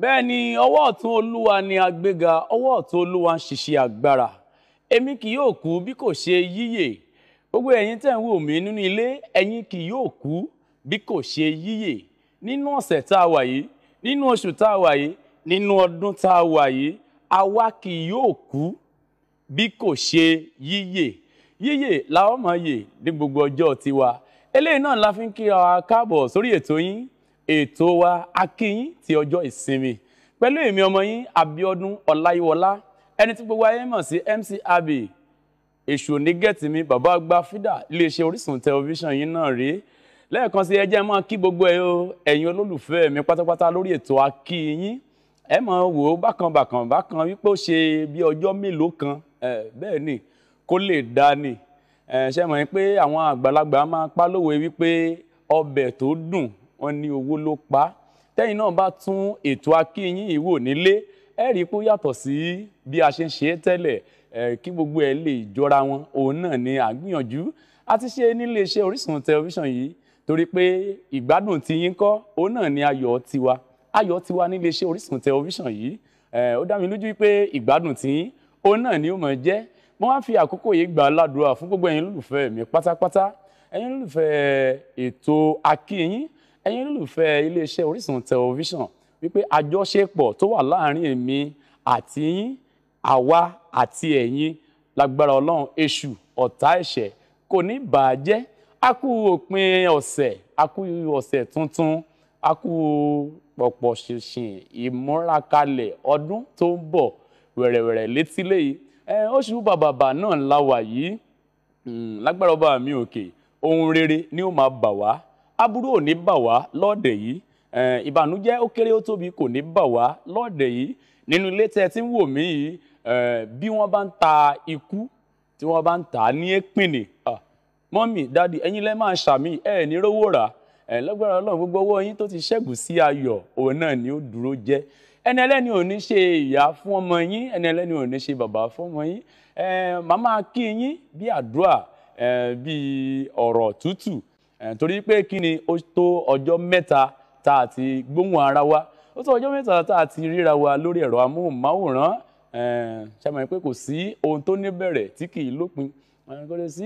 bẹ́ẹ̀ ni ọwọ́ ọ̀tún olúwa ni agbéga ọwọ́ ọ̀tún olúwa ń ṣiṣẹ́ agbára èmi kì yóò kú bí kò ṣe yíyè gbogbo ẹ̀yin tẹ́ ń wò mí nínú ilé ẹ̀yin kì yóò kú bí kò ṣe yíyè nínú ọ̀sẹ̀ tá a wà yìí nínú oṣù tá a wà yìí nínú ọdún tá a wà yìí àwa kì yóò kú bí kò ṣe yíyè yíyè làwọn máa yè ní gbogbo ọjọ́ tiwa eléyìí náà la fi ń kíra wa káàbọ̀ sórí ètò yín ètò wa akínyìn ti ọjọ́ ìsinmi pẹ̀lú èmi ọmọ yín Abíọ́dún Ọláyíwọlá ẹni tí gbogbo ayé mọ̀ sí MC Abbey èṣù onígẹ̀tì mi bàbá àgbà fídà iléeṣẹ́ Orísun tẹlifíṣàn yìí náà rèé lẹ́ẹ̀kan sí ẹjẹ́ máa kí gbogbo ẹ̀ ẹ̀yin olólùfẹ́ mi pátápátá lórí ètò akínyìn ẹ mọ̀ wò ó bákan bákan bákan wípé ó ṣe bí ọjọ́ mélòó kan bẹ́ẹ̀ ni kó lè dá ni ṣe mọ̀ pé àwọn àgbàlagbà máa pa wípé ọbẹ̀ tó dùn wọ́n ní owó ló pa á tẹ́yìn náà bá tún ètò akínyìn ìwò nílé ẹ rí i pé ó yàtọ̀ sí bí a ṣe ń ṣe é tẹ́lẹ̀ kí gbogbo ẹ lè jọra wọn òun náà ni à ń gbìyànjú a ti ṣe nílé iṣẹ́ Orísun tẹlifíṣàn yìí torí pé ìgbádùn ti yín kọ́ òun náà ni ayọ̀ tiwa ayọ̀ tiwa nílé iṣẹ́ Orísun tẹlifíṣàn yìí ó dá mi lójú pé ìgbádùn ti yín òun náà ni ó mọ̀ jẹ́ mo wá fi àkókò yìí gbà ládùúrà fún gbogbo ẹ̀yin olólùfẹ́ mi pátápátá ẹ̀yin olólùfẹ́ ètò akínyìn ẹ̀yin olólùfẹ́ iléeṣẹ́ Orísun tẹlifíṣàn wípé àjọṣepọ̀ tó wà láàrin èmi àti yín àwa àti ẹ̀yin lágbára Ọlọ́run èṣù ọ̀tá ẹ̀ṣẹ̀ kò ní bàjẹ́ a kú òpin ọ̀sẹ̀ a kú ọ̀sẹ̀ tuntun a kú pọ̀pọ̀ ṣinṣin ìmúrakalẹ̀ ọdún tó ń bọ̀ wẹ̀rẹ̀wẹ̀rẹ̀ létí léyìí ẹ oṣù bàbàbà náà la wà yìí hmm, lágbára ọba mi òkè ohun rere ni ó máa bà wá aburú ò ní bà wá lọ́ọ̀dẹ̀ yìí ìbànújẹ́ ó kéré ó tóbi kò ní bà wá lọ́ọ̀dẹ̀ yìí nínú ilé tẹ́ ẹ ti ń wò mí yìí bí wọ́n bá ń ta ikú tí wọ́n bá ń tà á ní èpìnì mọ́mì dáàdi ẹ̀yin lẹ́ máa ṣàmì ẹ̀ ní rówó rà ẹ̀ lọ́gbàrá ọlọ́run gbogbo owó yín tó ti ṣẹ́gun sí ayọ̀ òun náà ni ó dúró jẹ́ ẹni ẹlẹ́ni ò ní ṣe ìyá fún ọmọ yín ẹni ẹlẹ́ni ò ní ṣe bàbá fún ọmọ yín màmá kí yín bí àdúrà bí ọ̀rọ̀ tútù torí pé kí ni ó tó ọjọ́ mẹ́ta tá a ti gbóhùn ara wa ó tó ọjọ́ mẹ́ta tá a ti ríra wa lórí ẹ̀rọ amóhùnmáwòrán ṣàmì pé kò sí ohun tó ní bẹ̀rẹ̀ tí kì í lópin kò lè sí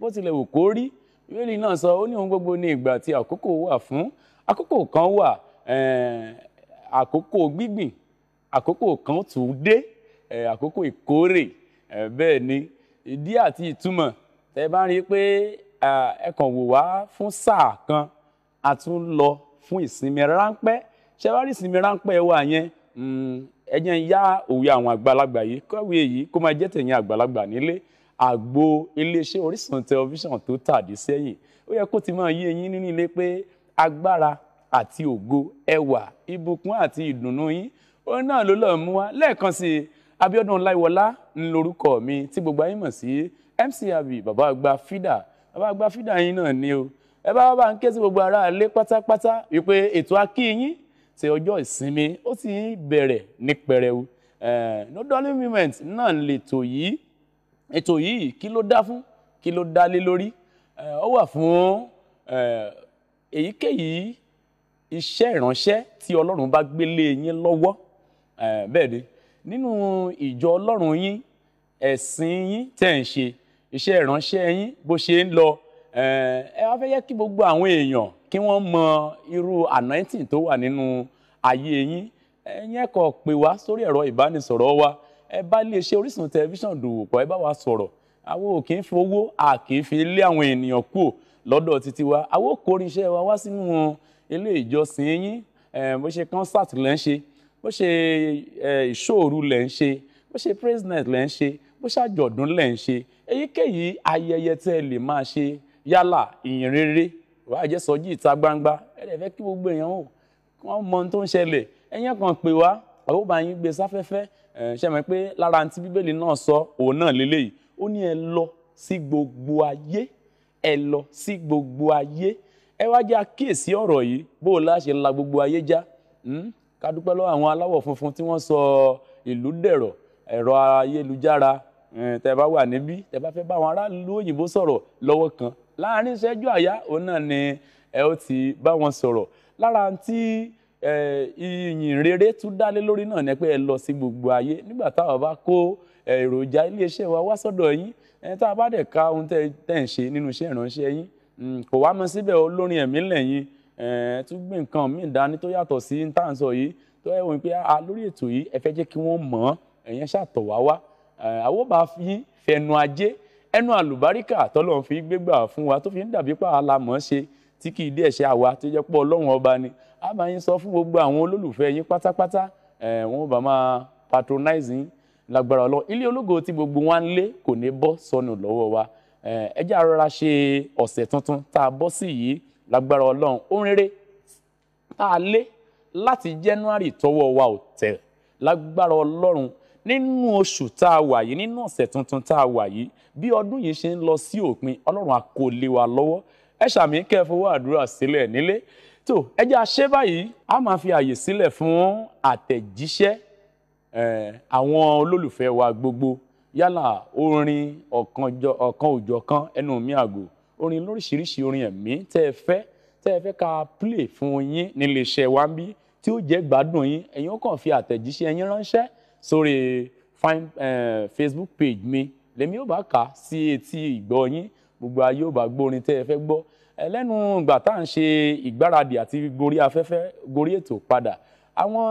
bó tilẹ̀ wù kó rí ìwéèrè náà sọ ó ní ohun gbogbo ní ìgbà tí àkókò wà fún àkókò kan wà àkókò gbígbìn àkókò kan tún dé àkókò ìkórè bẹ́ẹ̀ ni ìdí àti ìtumọ̀ tẹ bá rí pé ẹ kàn wò wá fún sáà kan a tún lọ fún ìsinmi ráńpẹ́ ṣe wá rí ìsinmi ráńpẹ́ wa yẹn mm, ẹ jẹ́ n yá òwe àwọn àgbàlagbà yìí kọ́wé yìí kó máa jẹ́ tẹ̀yìn àgbàlagbà nílé àgbo iléeṣẹ́ Orísun tẹlifíṣàn tó tàdí sẹ́yìn ó yẹ kó ti máa yé yín nínú ilé pé agbára àti ògo ẹwà ìbùkún àti ìdùnnú yín òun náà ló lọ́ọ́ mú wa lẹ́ẹ̀kan sí i Abíọ́dún Láìwọlá ń lorúkọ mi tí gbogbo ayé mọ̀ sí MC Abbey bàbá àgbà fídà ẹ bá gba fídà yín náà ni o ẹ bá wá bá ń ké sí gbogbo ará ilé pátápátá wípé ètò akíyín ti ọjọ́ ìsinmi ó ti ń bẹ̀rẹ̀ ní pẹrẹwu no dolly moment náà lètò yìí ètò yìí kí ló dá fún kí ló dá lé lórí ó wà fún èyíkéyìí iṣẹ́ ìránṣẹ́ tí ọlọ́run bá gbélé yín lọ́wọ́ bẹ́ẹ̀ ni nínú ìjọ ọlọ́run yín ẹ̀sìn yín tẹ̀ ń ṣe iṣẹ́ ìránṣẹ́ yín bó ṣe ń lọ ẹ wá fẹ́ yẹ kí gbogbo àwọn èèyàn kí wọ́n mọ irú anointing tó wà nínú ayé yín ẹ̀yin ẹ kàn pè wá sórí ẹ̀rọ ìbánisọ̀rọ̀ wa ẹ bá lè ṣe Orísun tẹlifíṣàn dòwòpọ̀ ẹ bá wa sọ̀rọ̀ àwọn ò kì í fi owó a kì í fi lé àwọn ènìyàn kúò lọ́dọ̀ títí wa àwọn ò kórè iṣẹ́ wa wá sínú ilé ìjọsìn yín bó ṣe concert lẹ́ ń ṣe bó ṣe ìṣòru lẹ́ ń ṣe bó ṣe praise lẹ́ ń ṣe bó ṣàjọ̀dún lẹ̀ ń ṣe èyíkéyìí ayẹyẹ tẹ́ ẹ lè máa ṣe yálà ìyìn rere wàá àjẹsọjí ìta gbangba ẹ lè fẹ́ kí gbogbo èèyàn ò wọ́n mọ ohun tó ń ṣẹlẹ̀ ẹ̀yìn kan pè wá àwọn bá yín gbé sáfẹ́fẹ́ ṣe mọ̀ pé lára àǹtí bíbélì náà sọ òun náà lélẹ́yìí ó ní ẹ lọ sí gbogbo ayé ẹ lọ sí gbogbo ayé ẹ wá jẹ́ àkíyèsí ọ̀rọ̀ yìí bó o láṣẹ la gbogbo ayé já hmm? ká dúpẹ́ lọ́wọ́ àwọn aláwọ̀ funfun tí wọ́n sọ ìlú dẹ̀rọ̀ ẹ̀rọ ayélujára tẹ bá wà níbí tẹ bá fẹ́ bá àwọn aráàlú òyìnbó sọ̀rọ̀ lọ́wọ́ kan láàrin ìṣẹ́jú àyá òun náà ni ẹ ó ti bá wọn sọ̀rọ̀ lára tí ìyìn rere tún dálé lórí náà ni pé ẹ lọ sí gbogbo ayé nígbà táwa bá kó èròjà iléeṣẹ́ wa wá sọ́dọ̀ yín tá a bá dẹ̀ ka ohun tẹ́ ń ṣe nínú iṣẹ́ ìránṣẹ́ yín hmm, kò wá mọ síbẹ̀ olórin ẹ̀mí lẹ́yìn tún gbé nǹkan míì dání tó yàtọ̀ sí ń tà ń sọ yìí tó ẹ̀ wọ́n pé a lórí ètò yìí ẹ fẹ́ jẹ́ kí wọ́n mọ̀ ọ́ ẹ̀yẹn ṣàtọ̀ wá wá àwòbá eh, fi ẹnu ajé ẹnu àlùbáríkà tọ́lọ́run fi gbégbà fún wa tó fi ń dàbí pa àlàmọ́ ṣe tí kì í dé ẹ̀ṣẹ̀ àwa tó jẹ́ pé ọlọ́run ọba ni a máa ń sọ fún gbogbo àwọn olólùfẹ́ yín pátápátá eh, wọn bá máa patronize yín lágbára ọlọ́run ilé ológo tí gbogbo wa ń lé kò ní bọ́ sọnù lọ́wọ́ wa eh, ẹ jẹ́ àrọ́ra ṣe ọ̀sẹ̀ tuntun tá a bọ́ sí yìí lágbára ọlọ́run ó ń tá a lé láti January tọwọ́ wa ò tẹ̀ lágbára ọlọ́run nínú oṣù tá a wà yìí nínú ọ̀sẹ̀ tuntun tá a wà yìí bí ọdún yìí ṣe ń lọ sí òpin ọlọ́run akọ́lé wa lọ́wọ́ ẹ ṣàmì kẹ́ fọwọ́ àdúrà sílẹ̀ nílé tó ẹjẹ́ aṣẹ́ báyìí a máa fi àyè sílẹ̀ fún àtẹ̀jíṣẹ́ àwọn olólùfẹ́ wa gbogbo yálà orin ọ̀kan òjọ̀ kan ẹnu mi àgò orin lóríṣiríṣi orin ẹ̀mí tẹ́ ẹ fẹ́ tẹ́ ẹ fẹ́ ká play fún yín nílé wa ń bí tí ó jẹ́ gbádùn yín ẹ̀yin ó kàn fi àtẹ̀jíṣẹ́ yín ránṣẹ́ sórí eh, Facebook page mi lèmi yóò bá kà á sí etí ìgbọ́ yín gbogbo ayé ò bá gbórin tẹ́ ẹ fẹ́ gbọ́ ẹlẹ́nu eh, ìgbà tá à ń ṣe ìgbáradì àti gorí afẹ́fẹ́ gorí ètò padà àwọn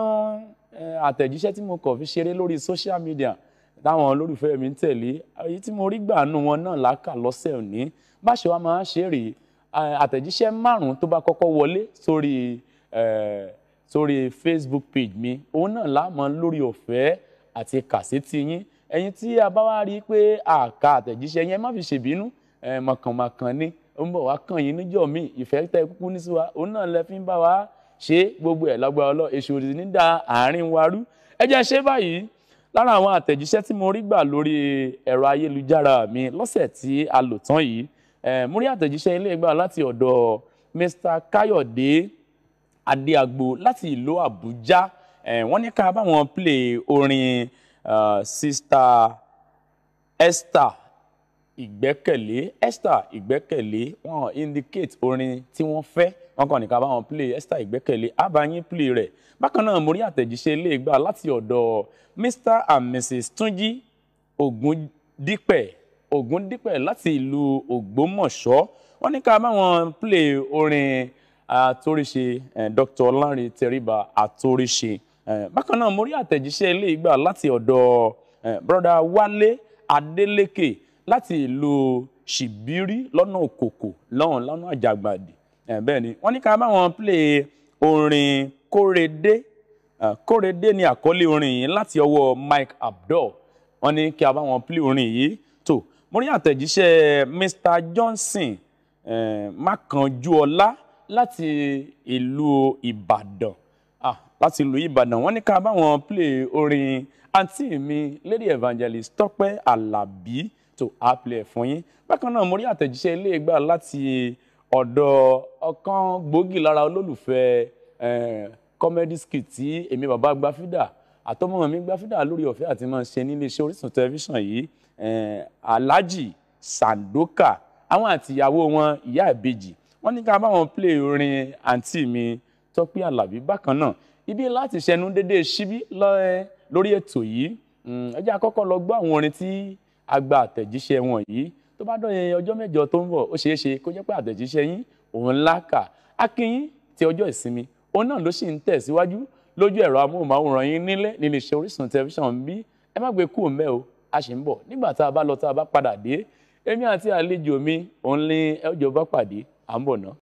eh, àtẹ̀jíṣẹ́ tí mo kàn fi ṣeré lórí social media táwọn olólùfẹ́ mi ń tẹ̀lé èyí tí mo rí gbà nù wọn náà lákà lọ́sẹ̀ òní báṣe wa máa ń ṣe rèé àtẹ̀jíṣẹ́ márùn-ún tó bá kọ́kọ́ wọlé sórí sórí Facebook page mi òun náà láàmọ́ lórí ọ̀fẹ́ àti kàsétì yín ẹ̀yin tí a bá wá rí pé àka àtẹ̀jíṣẹ́ yẹn má fi ṣèbínú mọ̀kànmọ̀kàn ni ó ń bọ̀ wá kàn yín níjọ́ míì ìfẹ́ tẹ kúkú ní sí wa òun náà lẹ fi ń bá wa ṣe gbogbo ẹ̀ lágbára ọlọ́ èṣù òdì nídà àárín wa rú ẹ jẹ́ ṣe báyìí lára àwọn àtẹ̀jíṣẹ́ tí mo rí gbà lórí ẹ̀rọ ayélujára mi lọ́sẹ̀ tí a lò tán yìí mo rí àtẹ̀jíṣẹ́ ilé gbà láti ọ̀dọ̀ Mr. Káyọ̀dé adéagbo láti ìlú àbújá wọ́n ní ká báwọn play orin sister esther ìgbẹ́kẹ̀lé esther ìgbẹ́kẹ̀lé wọ́n indicate orin tí wọ́n fẹ́ wọ́n kàn ní ká báwọn play esther ìgbẹ́kẹ̀lé abayín play rẹ̀ bákan náà mo rí àtẹ̀jíṣẹ́ ilé gbà láti ọ̀dọ̀ mr and mrs túnjí ògúndípẹ̀ ògúndípẹ̀ láti ìlú ògbómọ̀ṣọ́ wọ́n ní ká báwọn play orin àtòríṣe eh, Dr. Ọlárin Tẹríba àtòríṣe eh, bákan náà mo rí àtẹ̀jíṣẹ́ ilé ìgbà láti ọ̀dọ̀ eh, broda Wálé Adélékè láti ìlú Ṣìbírí lọ́nà Òkòkò lọ́hùn lọ́nà Àjàgbàdì bẹ́ẹ̀ ni wọ́n ní ká bá wọn orin Kórèdé Kórèdé ni àkọlé orin yìí láti ọwọ́ Mike Abdul wọ́n ní kí a bá wọn play orin yìí tó mo rí àtẹ̀jíṣẹ́ Mr. Johnson eh, Mákanjúọlá láti ìlú Ìbàdàn ah láti ìlú Ìbàdàn wọ́n ní ká báwọn play orin àǹtí mi lady evangelist Tọ́pẹ́ Àlàbí tó á play fún yín bákan náà mo rí àtẹ̀jíṣẹ́ ilé ìgbà láti ọ̀dọ̀ ọ̀kan gbòógì lára olólùfẹ́ comedy skit tí èmi bàbá Gbáfídà àtọmọ mi Gbáfídà lórí ọ̀fẹ́ àti máa ṣe nílé iṣẹ́ Orísun tẹlifíṣàn yìí Alhaji Sandoka àwọn àtìyàwó wọn ìyá ìbejì wọ́n ní ká báwọn play orin àǹtí mi Tọ́pẹ́ Àlàbí bákan náà ibi láti ṣẹnu dédé síbí lórí ètò yìí hmm, ẹ jẹ́ àkọ́kọ́ lọ gbọ́ àwọn orin tí a gba àtẹ̀jíṣẹ́ wọn yìí tó bá dọ̀yẹ ọjọ́ mẹ́jọ tó ń bọ̀ ó ṣeé ṣe kó jẹ́ pé àtẹ̀jíṣẹ́ yín òun ńlá kà á kí yín ti ọjọ́ ìsinmi òun náà ló sì ń tẹ̀síwájú lójú ẹ̀rọ amóhùnmáwòrán yín nílé nílé iṣẹ́ Orísun tẹlifíṣàn bí ẹ má gbé kúrò mẹ́ o a sì ń bọ̀ nígbà tá a bá lọ tá a bá padà dé èmi àti àlejò mi òun ní ẹjọ́ bá pàdé ambos no.